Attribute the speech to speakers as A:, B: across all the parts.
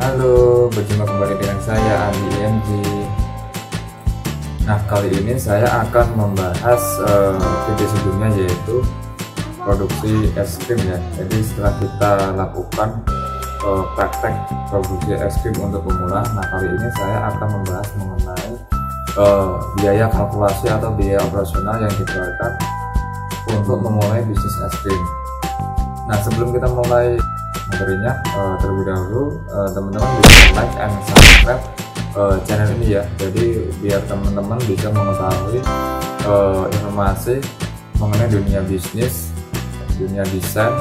A: Halo, berjumpa kembali dengan saya Andi MG. Nah, kali ini saya akan membahas uh, video sebelumnya yaitu produksi es krim ya. Jadi setelah kita lakukan uh, praktek produksi es krim untuk pemula, nah kali ini saya akan membahas mengenai uh, biaya kalkulasi atau biaya operasional yang dikeluarkan untuk memulai bisnis es krim. Nah, sebelum kita mulai materinya uh, terlebih dahulu uh, teman-teman bisa like and subscribe uh, channel ini ya jadi biar teman-teman bisa mengetahui uh, informasi mengenai dunia bisnis dunia desain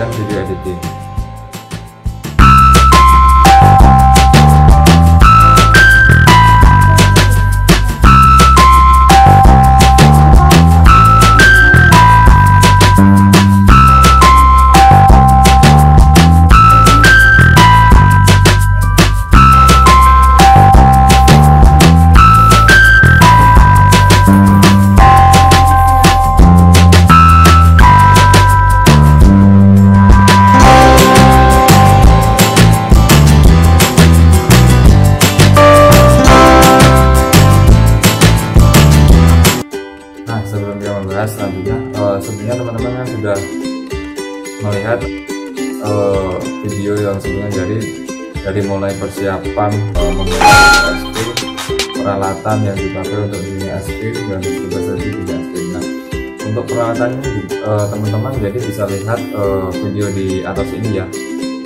A: dan video editing uh, video yang sebelumnya jadi dari mulai persiapan uh, eh, menggunakan peralatan yang dipakai untuk dunia SP dan berbasasi di SP nah untuk peralatannya eh, teman-teman uh, jadi bisa lihat uh, video di atas ini ya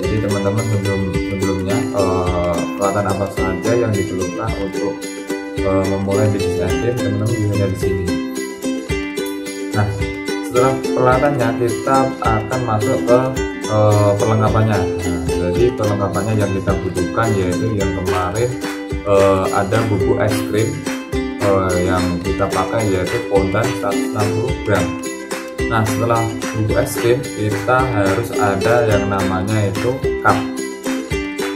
A: jadi teman-teman sebelum sebelumnya uh, peralatan apa saja yang diperlukan untuk uh, memulai bisnis akhir teman-teman bisa di sini nah setelah peralatannya kita akan masuk ke uh, perlengkapannya nah, jadi perlengkapannya yang kita butuhkan yaitu yang kemarin uh, ada bubuk es krim uh, yang kita pakai yaitu fondan 160 gram nah setelah bubuk es krim kita harus ada yang namanya itu cup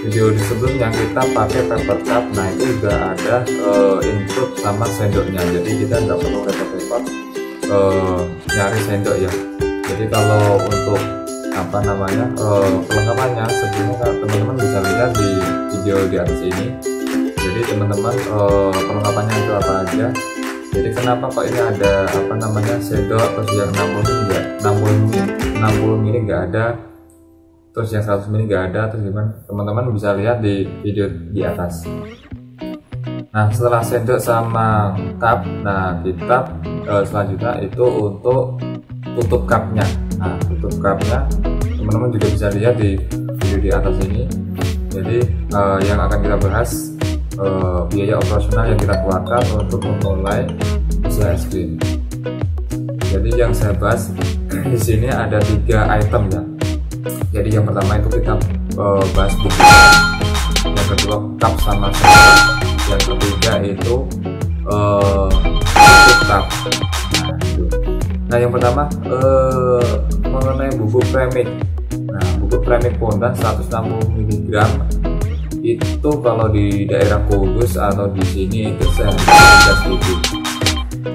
A: video di sebelumnya kita pakai paper cup nah itu juga ada uh, input sama sendoknya jadi kita nggak perlu repot-repot uh, nyari sendok ya jadi kalau untuk apa namanya uh, eh, perlengkapannya sebelumnya teman-teman bisa lihat di video di atas ini jadi teman-teman uh, perlengkapannya itu apa aja jadi kenapa kok ini ada apa namanya shadow terus yang 60 ini enggak 60 ini 60 ini enggak ada terus yang 100 ini enggak ada terus gimana teman-teman bisa lihat di video di atas Nah setelah sendok sama cup, nah kita uh, eh, selanjutnya itu untuk tutup cupnya nah itu teman-teman juga bisa lihat di video di atas ini jadi uh, yang akan kita bahas uh, biaya operasional yang kita keluarkan untuk memulai usaha es krim jadi yang saya bahas di sini ada tiga item ya jadi yang pertama itu kita uh, bahas buku yang kedua cup sama sendok yang ketiga itu uh, cup nah, Nah yang pertama eh, mengenai bubuk premix. Nah bubuk premix pondan 160 mg itu kalau di daerah kudus atau di sini itu seharga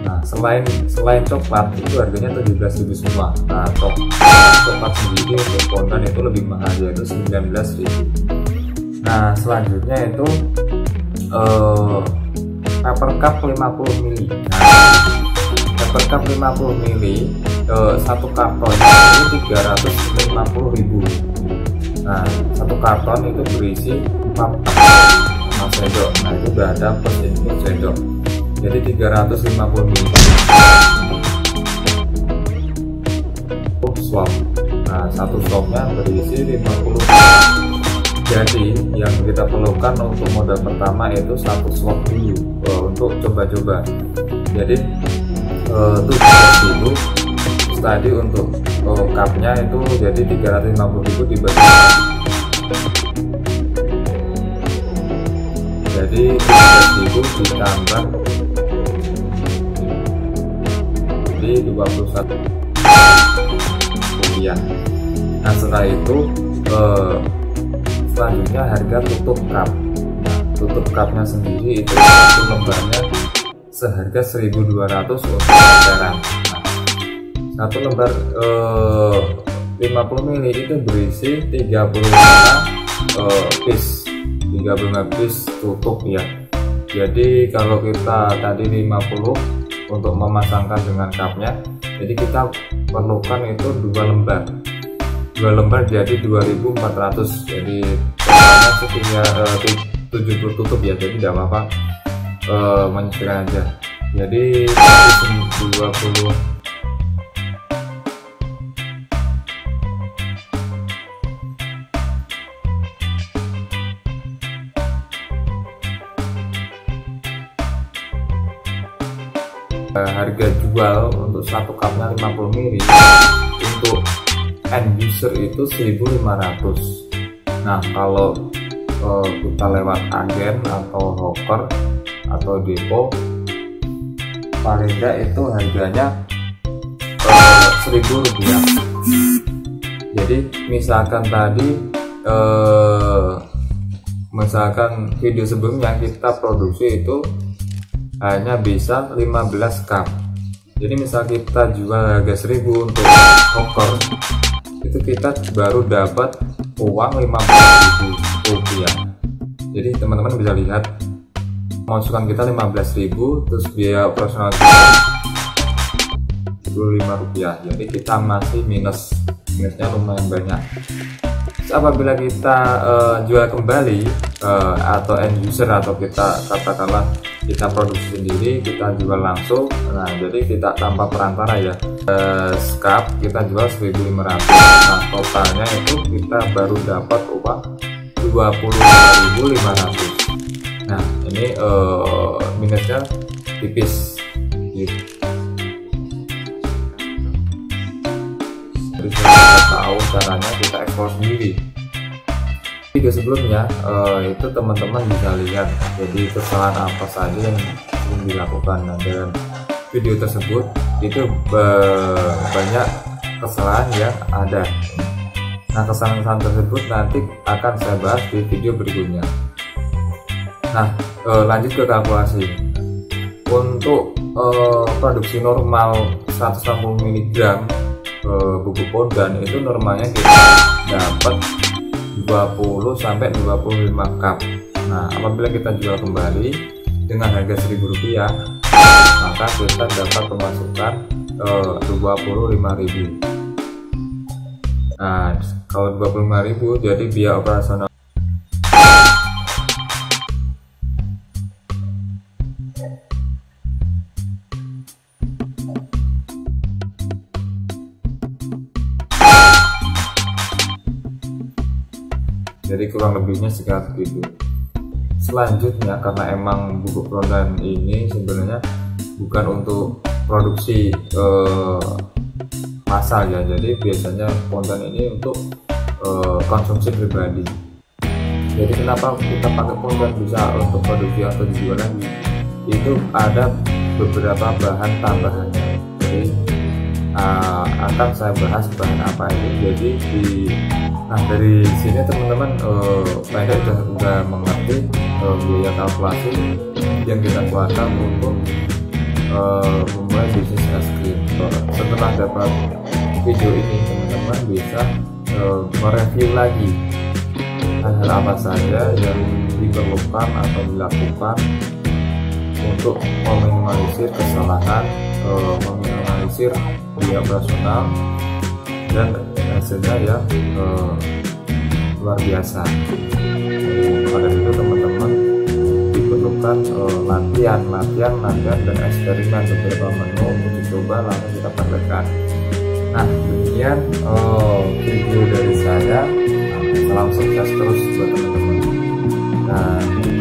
A: Nah, selain selain coklat itu harganya 17.000 semua. Nah, cok, coklat sendiri untuk pondan itu lebih mahal yaitu 19.000. Nah, selanjutnya itu eh uh, paper cup 50 mili. Nah, dapat cup 50 ml ke satu karton itu 350 ribu nah satu karton itu berisi 4 emas sendok nah itu udah ada plus sendok jadi 350 ml oh, swap nah satu swapnya berisi 50 jadi yang kita perlukan untuk modal pertama itu satu swap dulu eh, untuk coba-coba jadi uh, tuh dulu tadi untuk uh, cupnya itu jadi 350 ribu dibagi jadi 300.000 ribu ditambah jadi 21 rupiah nah setelah itu uh, selanjutnya harga tutup cup nah, tutup cupnya sendiri itu satu lembarnya seharga 1200 untuk lembaran nah, satu lembar uh, 50 mili itu berisi 35 uh, eh, piece 35 piece tutup ya jadi kalau kita tadi 50 untuk memasangkan dengan cupnya jadi kita perlukan itu dua lembar dua lembar jadi 2400 jadi totalnya eh, sekitar 70 eh, tutup ya jadi tidak apa-apa uh, eh, menyesuaikan aja jadi 20 eh, harga jual untuk satu cupnya 50 ml untuk end user itu 1500 nah kalau uh, kita lewat agen atau hawker atau depo paling tidak itu harganya eh, seribu rupiah jadi misalkan tadi eh, misalkan video sebelumnya kita produksi itu hanya bisa 15 cup jadi misal kita jual harga 1000 untuk koper itu kita baru dapat uang 50.000 rupiah jadi teman-teman bisa lihat masukan kita 15.000 terus biaya operasional kita rupiah jadi kita masih minus minusnya lumayan banyak terus apabila kita uh, jual kembali uh, atau end user atau kita katakanlah kita produksi sendiri kita jual langsung nah jadi kita tanpa perantara ya uh, kita jual 1500 nah totalnya itu kita baru dapat upah 20500 nah ini uh, minusnya tipis jadi kita tahu caranya kita ekspor sendiri video sebelumnya uh, itu teman-teman bisa lihat jadi kesalahan apa saja yang dilakukan nah, dalam video tersebut itu banyak kesalahan yang ada nah kesalahan-kesalahan tersebut nanti akan saya bahas di video berikutnya Nah, e, lanjut ke kalkulasi. Untuk e, produksi normal 160 mg e, bubuk pondan itu normalnya kita dapat 20 sampai 25 cup. Nah, apabila kita jual kembali dengan harga Rp1.000, maka kita dapat pemasukan eh, 25.000. Nah, kalau 25.000 jadi biaya operasional jadi kurang lebihnya sekitar itu selanjutnya karena emang buku rondan ini sebenarnya bukan untuk produksi eh, ya jadi biasanya konten ini untuk eh, konsumsi pribadi jadi kenapa kita pakai konten bisa untuk produksi atau dijualan itu ada beberapa bahan tambahannya jadi uh, akan saya bahas bahan apa ini jadi di nah dari sini teman-teman uh, sudah sudah mengerti uh, biaya kalkulasi yang kita keluarkan untuk uh, memulai bisnis es krim setelah dapat video ini teman-teman bisa uh, mereview lagi hal-hal apa saja yang diperlukan atau dilakukan untuk meminimalisir kesalahan e, meminimalisir biaya personal dan hasilnya ya e, luar biasa pada itu teman-teman diperlukan e, latihan latihan latihan dan eksperimen beberapa menu untuk coba lalu kita perlekan. nah demikian e, video dari saya salam sukses terus buat teman-teman nah